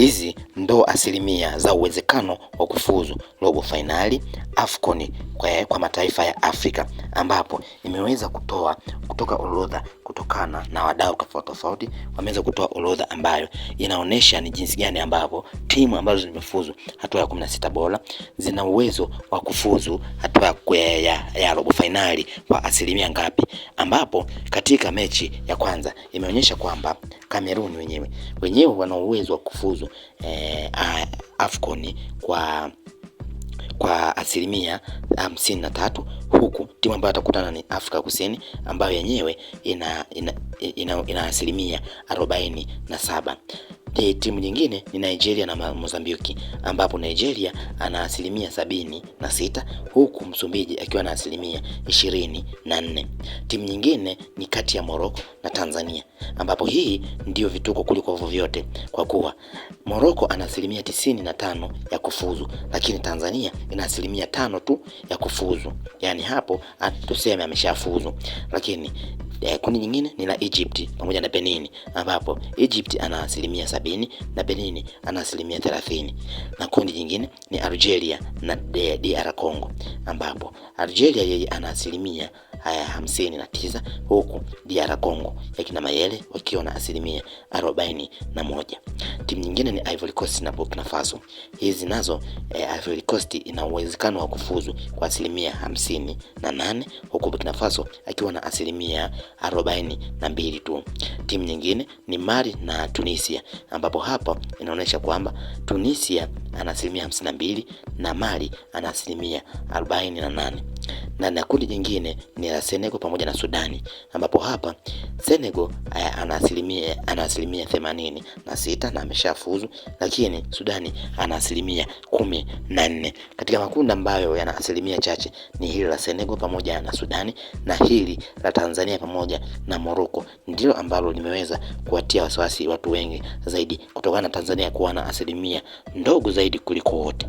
Hizi ndo asilimia za uwezekano wa kufuzu robo fainali AFCON kwa, eh, kwa mataifa ya Afrika ambapo imeweza kutoa kutoka orodha kutokana na wadau tofauti tofauti wameweza kutoa orodha ambayo inaonyesha ni jinsi gani ambavyo timu ambazo zimefuzu hatua ya sita bora zina uwezo wa kufuzu hatua ya, ya, ya robo fainali kwa asilimia ngapi, ambapo katika mechi ya kwanza imeonyesha kwamba Kameruni wenyewe wenyewe wana uwezo wa kufuzu eh, Afcon kwa kwa asilimia hamsini na tatu huku timu ambayo atakutana ni Afrika Kusini ambayo yenyewe ina, ina, ina, ina asilimia arobaini na saba. E, timu nyingine ni Nigeria na Mozambiki ambapo Nigeria ana asilimia sabini na sita huku Msumbiji akiwa na asilimia ishirini na nne. Timu nyingine ni kati ya Morocco na Tanzania ambapo hii ndiyo vituko kuliko vyote kwa kuwa Morocco ana asilimia tisini na tano ya kufuzu, lakini Tanzania ina asilimia tano tu ya kufuzu, yaani hapo tuseme ameshafuzu lakini E, kundi nyingine ni la Egypt pamoja na Benin ambapo Egypt ana asilimia sabini na Benin ana asilimia thelathini na kundi jingine ni Algeria na DR Congo ambapo Algeria yeye ana asilimia haya eh, hamsini na tisa huku DR Congo yakina Mayele wakiwa na asilimia arobaini na moja Timu nyingine ni Ivory Coast na Burkina Faso. Hizi nazo e, Ivory Coast ina uwezekano wa kufuzu kwa asilimia hamsini na nane huku Burkina Faso akiwa na asilimia arobaini na mbili tu. Timu nyingine ni Mali na Tunisia, ambapo hapa inaonyesha kwamba Tunisia ana asilimia hamsini na mbili na Mali ana asilimia arobaini na nane na na kundi jingine ni la Senegal pamoja na Sudani, ambapo hapa Senegal eh, ana asilimia ana asilimia themanini na sita na ameshafuzu, lakini Sudani ana asilimia kumi na nne. Katika makundi ambayo yana asilimia chache ni hili la Senegal pamoja na Sudani na hili la Tanzania pamoja na Morocco ndilo ambalo limeweza kuwatia wasiwasi watu wengi zaidi kutokana na Tanzania kuwa na asilimia ndogo zaidi kuliko wote.